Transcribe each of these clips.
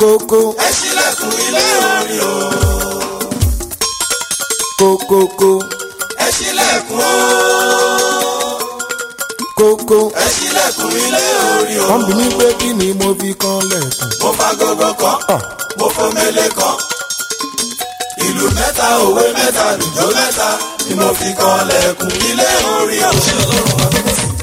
Koko, ẹ ṣílẹ̀kùn ilé orin o. kókókó. ẹ ṣílẹ̀kùn o. kókó. ẹ ṣílẹ̀kùn ilé orin o. wọ́n bí mi pé kí ni mo fi kan lẹ̀kùn. mo fa gogo kan mo fomele kan ìlú mẹ́ta òwe mẹ́ta lùjọ́ mẹ́ta ni mo fi kan lẹ̀kùn ilé orin o.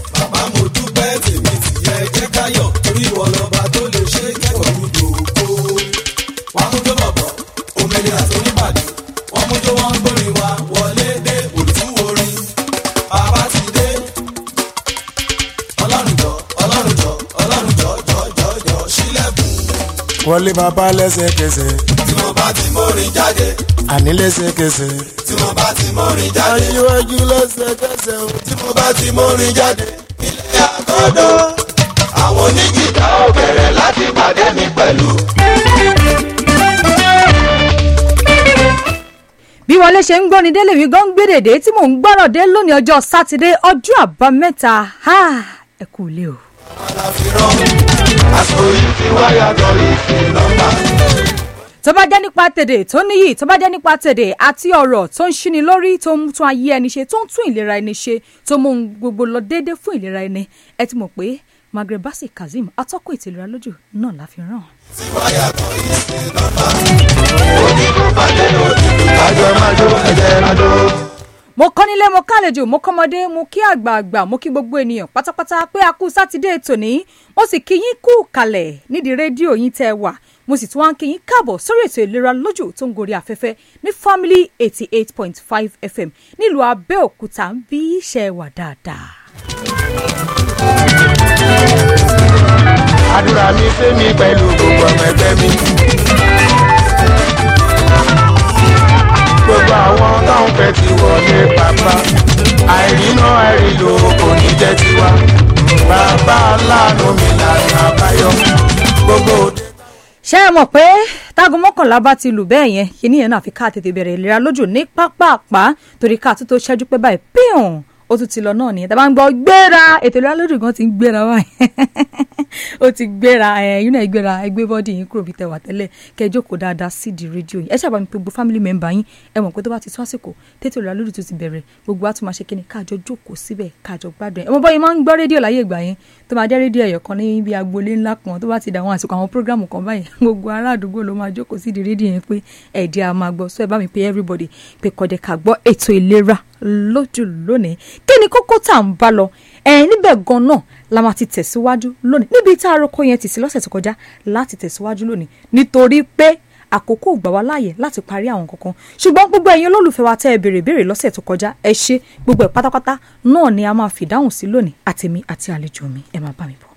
wọlé bàbá lẹ́sẹ̀kẹsẹ̀. tí mo bá ti mórin jáde. àní lẹ́sẹ̀kẹsẹ̀. tí mo bá ti mórin jáde. aṣíwájú lẹ́sẹ̀kẹsẹ̀ o. tí mo bá ti mórin jáde. ilé àgọ́dọ̀ àwọn oníjìdá ò bẹ̀rẹ̀ láti pàdé mi pẹ̀lú. bí wọlé ṣe ń gbọ́ni délé mi gan ń gbédèdè tí mò ń gbọ́rọ̀ dé lónìí ọjọ́ sátidé ọjọ́ àbámẹ́ta ẹ kú lé o tó bá jẹ́ nípa tèdè tó níyì tó bá jẹ́ nípa tèdè àti ọ̀rọ̀ tó ń ṣíni lórí tó ń tún ayé ẹni ṣe tó ń tún ìlera ẹni ṣe tó mú un gbogbo lọ déédé fún ìlera ẹni ẹ ti mọ̀ pé Magre Basi Kazeem atọ́kùn ètò ìlera lójú náà la fi ràn. tí wọ́n yàtọ̀ yìí sí nọ́mbà onígun bàjẹ́ lòdì kájọ májò ẹ̀jẹ̀ májò mo kọ́ nílé mo kálejò mo kọ́mọdé mo kí àgbààgbà mo kí gbogbo ènìyàn pátápátá pé a kú sátidé tòní mo sì kí yín kú kalẹ̀ nídìí rédíò yín tẹ́ wà mo sì tún wá ń kí yín káàbọ̀ sórí ètò ìlera lójú tó ń gorí afẹ́fẹ́ ní Family eighty eight point five FM nílùú Abẹ́òkúta ń bí iṣẹ́ wà dáadáa. àdúrà mi fẹ́ mi pẹ̀lú gbogbo ọmọ ẹgbẹ́ mi. gbogbo àwọn táwọn fẹ́ ti wọlé bàbá àìrínà àìrìlò kò ní jẹ́ tiwa bàbá aláàánú mi lànà àbáyọ gbogbo òde. ṣé ẹ mọ̀ pé tágo mọ́kànlá bá ti lù bẹ́ẹ̀ yẹn kíní yẹn náà fi ká tètè bẹ̀rẹ̀ ìlera lójú ní pápá àpá torí ká tó tó ṣẹ́jú pé báyìí píùn ó tún ti lọ náà nìyẹn tàbá ń gbọ́ gbéra ètò ìlú alódùn gan ti ń gbéra báyìí ó ti gbéra ẹ̀yin náà gbéra ẹgbẹ́ bọ́dì yín kúrò bí tẹ tẹ́lẹ̀ kẹ́ ẹ jókòó dáadáa sí di rédíò yìí ẹ ṣàbàmì pé gbogbo family member yín ẹ mọ̀ pé tó bá ti tó àsìkò tètè ìlú alódùn tó ti bẹ̀rẹ̀ gbogbo wa tún máa ṣe kí ni káàjọ jókòó síbẹ̀ káàjọ gbádùn ẹ̀ ẹ mọ̀ bọ́ yín máa ń gbọ́ rédíò láyé ìgbà yẹn tó máa jẹ́ rédíò di rédíò yẹn pé ẹ̀ẹ́dì a máa everybody pé kọ̀dẹ̀ ká gbọ́ ètò ìlera kí ni kókó tá à ń bá lọ ẹ̀ níbẹ̀ gan-an náà la máa ti tẹ̀síwájú lónìí níbi tá a roko yẹn tì sí lọ́sẹ̀ tó kọjá láti tẹ̀síwájú lónìí nítorí pé àkókò gbà wá láàyè láti parí àwọn kankan ṣùgbọ́n gbogbo ẹ̀yin olólùfẹ́ wa tẹ́ ẹ béèrè béèrè lọ́sẹ̀ tó kọjá ẹ ṣe gbogbo ẹ̀ pátápátá náà ni a máa fìdáhùn sí lónìí àtèmi àti àlejò mi ẹ máa bá mi bọ̀.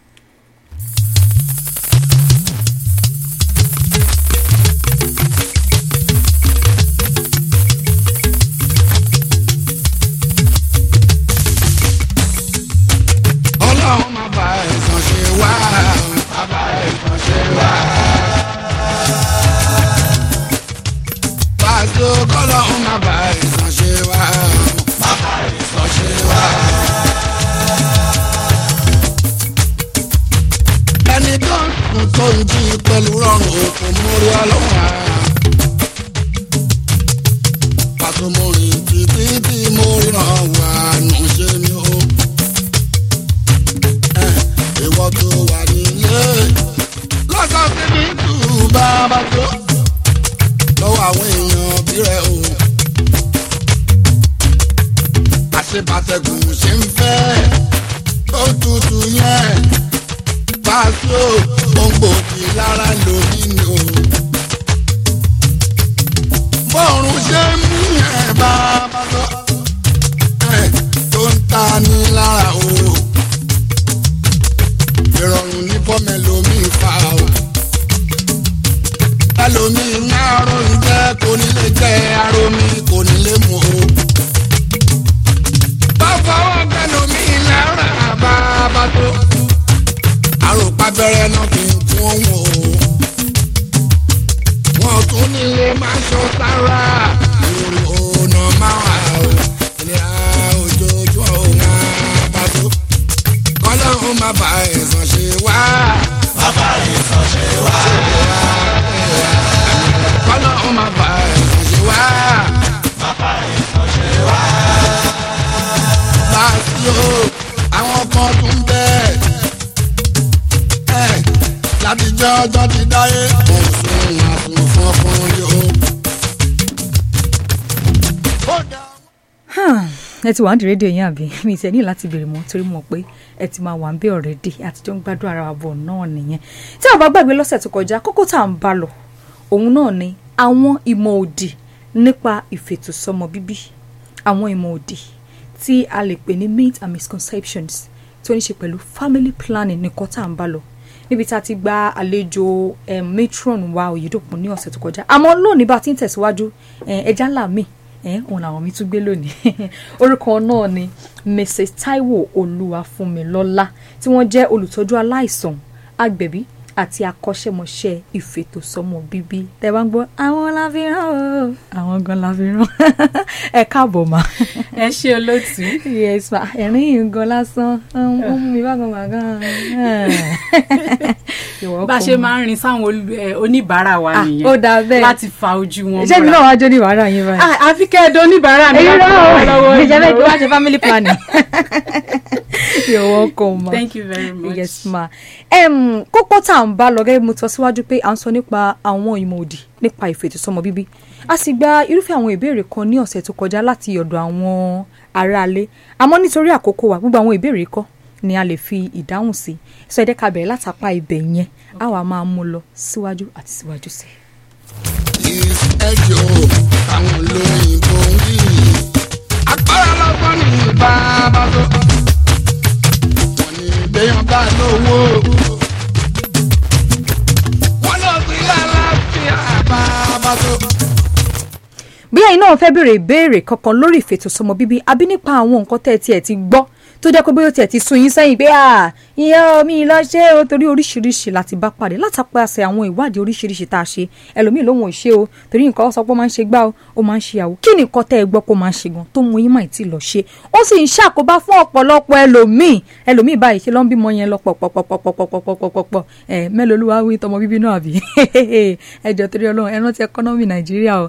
Hmm, ẹ ti wà ní rédíò yín àbí mi ti ẹ ní láti béèrè mọ́ torí mo pé ẹ ti máa wà ń bẹ ọ̀rẹ́dì àtijọ́ ń gbádùn ara àbọ̀ náà nìyẹn tí àwọn bá gbàgbé lọ́sẹ̀ tó kọjá kókó tá à ń bá lọ òun náà ni àwọn ìmọ̀ òdì nípa ìfètòsọ́mọ bíbí àwọn ìmọ̀ òdì tí a lè pè ní myth and misconceptions tó ní ṣe pẹ̀lú family planning nìkan tá à ń bá lọ níbi tá a ti gba àlejò eh, matron wa Oyèdòkun ní ọ̀sẹ̀ tó kọjá àmọ́ lónìí bá a ti ń tẹ̀síwájú eh, ẹja ńlá míì Eh, òun làwọn mi tún gbé lónìí orúkọ náà ni Mrs Taiwo Olúwafúnmilọ́lá tí wọ́n jẹ́ olùtọ́jú aláìsàn agbẹ̀bí àti akọ́ṣẹ́mọṣẹ́ ìfètòsọ́mọ bíbí tẹ́ bá ń gbọ́ àwọn la o àwọn gan la ẹ káàbọ̀ mà. ẹ ṣe olóòtú. yes ma ẹ̀rín yìí gan lásán ó mú mi bá gan bàgán. bá a ṣe máa ń rin sáwọn oníbàárà wa ah, nìyẹn ó dà bẹ́ẹ̀ láti fa ojú wọn mọ́ra ṣé mi náà wájú oníbàárà yín báyìí. Ah, àfi kẹ́ ẹ dán oníbàárà mi láti wọ́n lọ́wọ́ yìí. ìjọba ìgbà ṣe family planning. you're welcome ma thank you very much yes ma um, kókó tá à ń bá lọ gẹ́gẹ́ bí mo tọ́ síwájú pé à ń sọ nípa àwọn ìmọ̀ òdì nípa ìfètòsọ́mọ bíbí a sì gba irúfẹ́ àwọn ìbéèrè kan ní ọ̀sẹ̀ tó kọjá láti ọ̀dọ̀ àwọn aráalé àmọ́ nítorí àkókò wa gbogbo àwọn ìbéèrè kọ́ ni a lè fi ìdáhùn sí sọ ẹ jẹ́ ká bẹ̀rẹ̀ látàpá ibẹ̀ yẹn a wà máa mú lọ síwájú àti síwájú sí. ẹjọ́ àwọn olóyìnbó ń wí agbára lọ́gbọ́n ní bàbá tó wọ́n ní ìgbéyàn bá lówó. wọ́n lọ sí lálàáfíà bàbá tó bí ẹ̀yin náà fẹ́ béèrè ìbéèrè kankan lórí ìfètòsọmọ bíbí àbí nípa àwọn nǹkan tẹ́ ẹ tiẹ̀ ti gbọ́ tó jẹ́ pé bóyá tiẹ̀ ti sun yín sẹ́yìn pé ìyá omi lọ ṣe o torí oríṣiríṣi láti bá pàdé látàpàṣẹ àwọn ìwádìí oríṣiríṣi tá a ṣe ẹlòmíì lòun ò ṣe o torí nǹkan ó sọ máa ń ṣe gbá o ó máa ń ṣe àwò kí nìkan tẹ́ ẹ gbọ́ pé ó máa ń ṣe gan tó mú yín máa ti lọ ṣe ó sì ń ṣàkóbá fún ọ̀pọ̀lọpọ̀ ẹlòmíì ẹlòmíì báyìí ṣe ló ń bímọ yẹn lọ pọ̀pọ̀pọ̀pọ̀pọ̀pọ̀pọ̀pọ̀ ẹ mẹ́lòlúwa wí tọmọ bíbí náà àbí ẹ torí Ọlọ́run ẹ rántí ẹkọ́nọ́mì Nàìjíríà o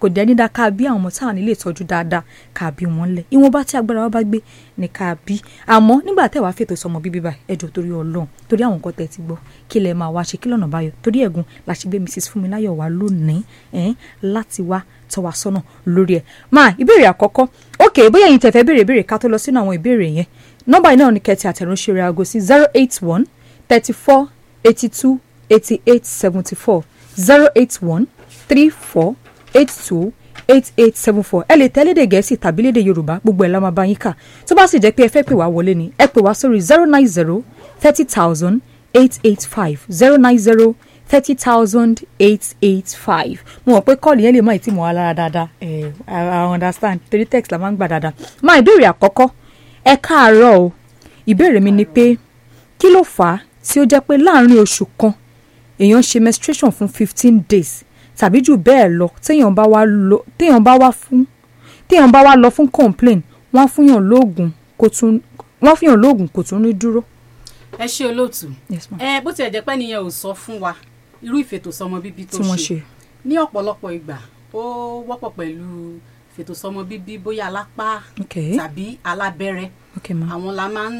kò dẹ́ni dá ká bí àwọn ọmọ táwọn nílé ìtọ́jú dáadáa ká bí wọn lẹ̀ ìwọ̀nba tí agbára wa bá gbé ni ká bí àmọ́ nígbà tẹ́ wàá fètò sọmọ bíbí báyìí ẹjọ́ torí ọlọ́run torí àwọn nǹkan tẹ́ ti gbọ́ kí lẹ máa wá ṣe kí lọ́nà báyọ̀ torí ẹ̀gùn la ṣe gbé Mrs Fúnmiláyọ̀ wá lónìí ẹ̀ẹ́n láti wá tọ́ wa sọ́nà lórí ẹ̀ máa ìbéèrè àkọ́kọ́ ok bóyá ẹ̀yin tẹ̀fẹ́ béèrè béèrè ká tó lọ sínú zero eight one thirty four eighty two eighty eight seventy four zero eight one three four eight two eight eight seven four ẹ lè tẹ̀lé èdè gẹ̀ẹ́sì tàbí lédè yorùbá gbogbo ẹ̀ la máa bá yín kà tó bá sì jẹ́ pé ẹ fẹ́ pè wá wọlé ni ẹ pè wá sórí zero nine zero thirty thousand eight eight five zero nine zero thirty thousand eight eight five mo mọ̀ pé kọ́ọ̀lù yẹn lè má ìtì mọ̀ wá lára dáadáa I understand torí text la máa ń gbà dáadáa máa ìbéèrè àkọ́kọ́ ẹ káàárọ̀ o ìbéèrè mi ni pé kí ló fà á tí ó jẹ́ pé láàárín oṣù kan èèyàn ṣe menstruation fún fifteen days tàbí jù bẹ́ẹ̀ lọ téèyàn bá wá lọ téèyàn bá wá fún téèyàn bá wá lọ fún complain wọ́n fúnyàn lóògùn kò tún wọ́n fúnyàn lóògùn kò tún ní dúró. ẹ ṣe olóòtú ẹ bó tiẹ̀ jẹ́ pé nìyẹn ò sọ fún wa irú ìfètòsọ́mọ bíbí tó ṣe ní ọ̀pọ̀lọpọ̀ ìgbà ó wọ́pọ̀ pẹ̀lú fètò sọmọ bíbí bóyá alápá tàbí alábẹ́rẹ́ àwọn la máa ń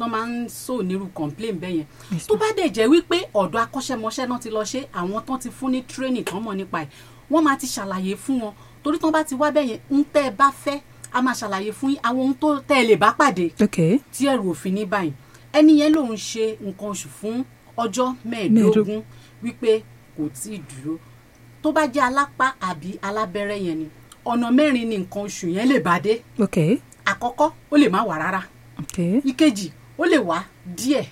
lọ́ máa ń sọ onírú complain bẹ́ẹ̀ yẹn tó bá dẹ̀ jẹ́ wípé ọ̀dọ̀ akọ́ṣẹ́mọṣẹ́ náà ti lọ ṣe àwọn tán ti fún ní training tán mọ̀ nípa ẹ̀ wọ́n máa ti ṣàlàyé fún wọn torí tán bá ti wá bẹ́ẹ̀ yẹn ń tẹ́ ẹ bá fẹ́ a máa ṣàlàyé fún yín àwọn ohun tó tẹ́ ẹ lè bá pàdé tí ẹ̀rù òfin ní báyìí ẹni yẹn lòun ṣe nǹkan oṣù fún ọjọ́ mẹ́ẹ̀ẹ́dógún wípé kò tí ì dúró tó bá jẹ́ alápá àbí alábẹ́rẹ́ yẹn ni ọ̀nà mẹ́rin ni nǹkan oṣù yẹn lè bá dé. àkọ́kọ́ ó lè má wà rárá. ìkejì ó lè wà díẹ̀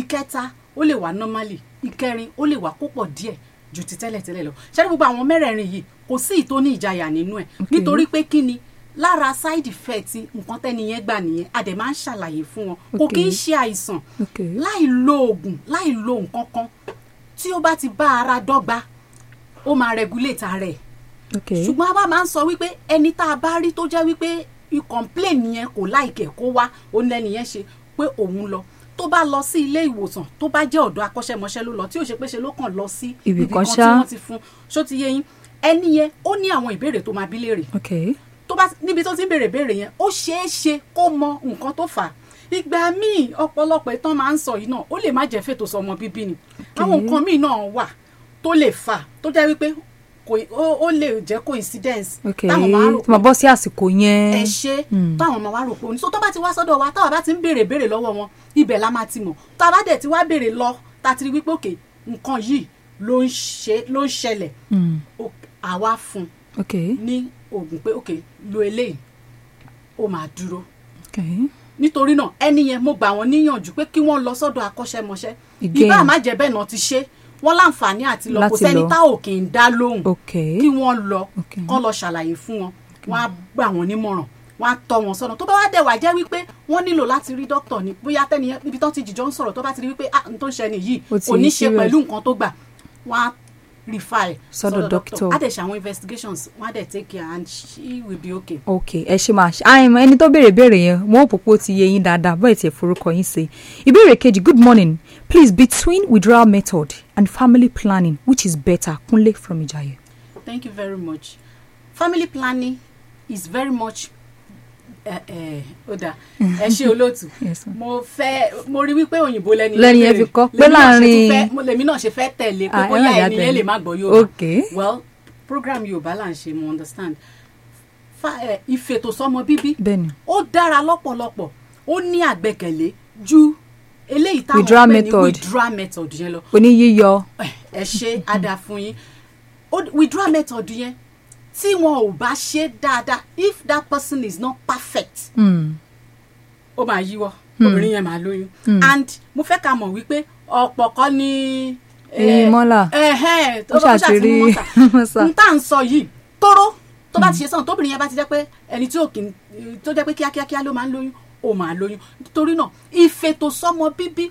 ìkẹta ó lè wà normally ìkẹrin ó lè wà púpọ̀ díẹ̀ ju ti tẹ́lẹ̀tẹ́lẹ̀ lọ ṣé gbogbo àwọn mẹ́rẹ̀ẹ̀rin yìí kò sí ìtò ní ìjayà nínú ẹ̀ nítorí pé kí ni lára side effect nǹkan tẹ́ni yẹn gbà nìyẹn a dẹ̀ máa ń ṣàlàyé fún wọn kò kí ń ṣe àìsàn láì lo oògùn láì lo nǹkan kan tí ó bá ti bá ara dọ́gba ó máa regulate ara ẹ̀ ṣùgbọ́n a bá máa ń sọ wípé ẹni tá a bá rí tó jẹ́ wípé complain yẹn kò láìkẹ̀ kó wá òun lẹ́ni yẹn ṣe pé òun lọ tó bá lọ sí ilé ìwòsàn tó bá jẹ́ ọ̀dọ̀ akọ́ṣẹ́mọṣẹ́ ló lọ tí ò ṣe pé ṣe ló kàn lọ sí ibì kan tí wọ́n ti fún ṣó ti yé yín ẹni yẹn ó ní àwọn ìbéèrè tó máa bí léèrè tó bá níbi tó ti ń béèrè béèrè yẹn ó ṣeé ṣe kó mọ nǹkan tó fà á ìgbà míì ọ̀pọ̀lọpọ̀ ìtàn máa ń sọ yìí náà ó lè má jẹ́ fètò sọmọ bíbí ni àwọn nǹkan míì náà wà tó lè fà tó jẹ́ wípé ó lè jẹ́ coincidence. ok tí mo bọ́ sí àsìkò yẹn. ẹ ṣe hmm. táwọn máa wá rò pé oní so tó bá ti wá sọ́dọ̀ wa táwa bá ti ń béèrè béèrè lọ́wọ́ wọn ibẹ̀ la máa ti mọ̀ táwa dẹ̀ ti wá béèrè lọ ta ti rí wípé òkè nǹkan yìí ló ń ṣe ló ń ṣẹlẹ̀ àwa hmm. fún ní oògùn pé òkè lo eléyìí ó máa dúró. Okay nítorí náà ẹni yẹn mo gbà wọn níyànjú pé kí wọ́n lọ sọ́dọ̀ akọ́ṣẹ́mọṣẹ́ ìbá àmàjẹ́ bẹ́ẹ̀ náà ti ṣe wọ́n láǹfààní àti lọ kò sẹ́ni tá ò kì í dá lóhùn kí wọ́n lọ kọ́ lọ ṣàlàyé fún wọn wọ́n á gbà wọ́n nímọ̀ràn wọ́n á tọ́ wọn sọ́nà tó bá wá dẹ̀ wá jẹ́ wípé wọ́n nílò láti rí dókítà ni bóyá tẹ́ni ibi tó ti jìjọ ń sọ̀rọ̀ tó bá ti rí wípé ah n tó ń ṣe yìí kò ní ṣe pẹ̀lú nǹkan tó gbà wọ́n á refer sọ́dọ̀ doctor a dẹ̀ ṣe àwọn investigations wọ́n á dẹ̀ take care and she will be okay. ok ẹ ṣe máa ṣe àìmọ ẹni tó béèrè béèrè yẹn wọn ò pòpò ti yé yín dáadáa bọ́ọ̀ tiẹ̀ forúkọ yín ṣe ìbéèrè kejì good morning please between withdrawal method and family planning which is better Kunle from Ijaye. thank you very much family planning is very much Eh, eh, ó dáa mm. ẹ ṣe olóòtú mo fẹ́ mo rí wípé òyìnbó lẹ́ni lẹ́ni ẹ fi kọ́ pé láàrin lèmi náà ṣe fẹ́ tẹ̀lé pé ah, bóyá ẹni yẹn lè má gbọ́ Yorùbá well program Yorùbá là ń ṣe mo understand eh, ìfètòsọ́mọ bíbí ó dára lọ́pọ̀lọpọ̀ ó ní àgbẹ́kẹ̀lé ju eléyìí táwọn ọ̀pẹ ní withdraw method yẹn lọ. oní yíyọ. ẹ ṣe ada fún yín withdraw method yẹn tí wọn ò bá ṣe dáadáa if that person is not perfect hmm. ó máa yíwọ́ hmm. obìnrin yẹn máa lóyún hmm. and mo fẹ́ ká mọ̀ wípé ọ̀pọ̀ kọ́ ni eh, mọ́là ó ṣàṣírí mọ́sà n tá à ń sọ yìí tóró tó bá ti ṣe sàn tóbìnrin yẹn bá ti jẹ́ pé ẹni tí òkè tó jẹ́ pé kíákíá ló máa ń lóyún ó máa lóyún torí náà ìfètòsọ́mọ bíbí